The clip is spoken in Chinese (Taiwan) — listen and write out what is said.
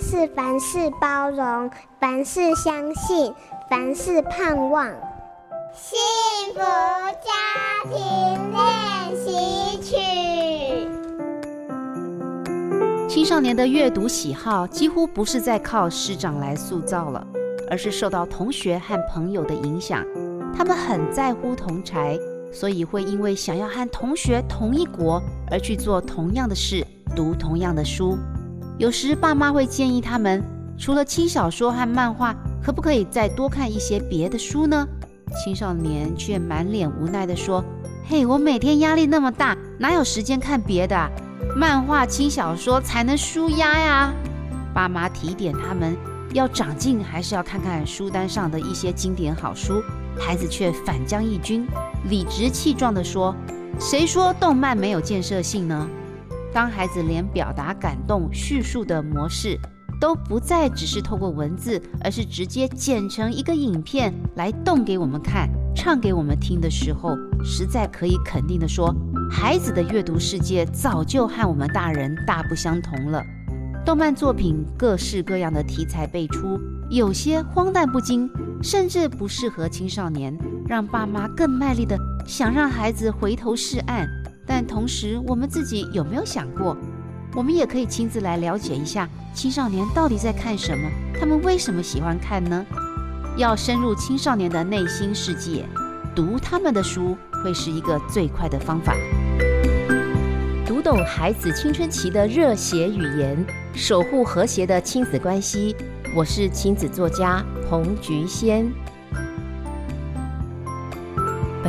是凡事包容，凡事相信，凡事盼望。幸福家庭練習曲。青少年的閱讀喜好幾乎不是在靠師長來塑造了，而是受到同學和朋友的影響。他們很在乎同儕，所以會因為想要和同學同一國而去做同樣的事，讀同樣的書。有時爸媽會建議他們，除了輕小說和漫畫，可不可以再多看一些別的書呢？青少年卻滿臉無奈地說：“嘿，我每天壓力那麼大，哪有時間看別的？漫畫、輕小說才能舒壓呀。”爸媽提點他們要長進，還是要看看書單上的一些經典好書，孩子卻反將一軍，理直氣壯地說：“誰說動漫沒有建設性呢？”當孩子連表達感動敘述的模式都不再只是透過文字，而是直接剪成一個影片來動給我們看、唱給我們聽的時候，實在可以肯定地說，孩子的閱讀世界早就和我們大人大不相同了。動漫作品各式各樣的題材輩出，有些荒誕不經，甚至不適合青少年，讓爸媽更賣力地想讓孩子回頭是岸。但同時，我們自己有沒有想過，我們也可以親自來了解一下青少年到底在看什麼？他們為什麼喜歡看呢？要深入青少年的內心世界，讀他們的書會是一個最快的方法。讀懂孩子青春期的熱血語言，守護和諧的親子關係。我是親子作家彭菊仙。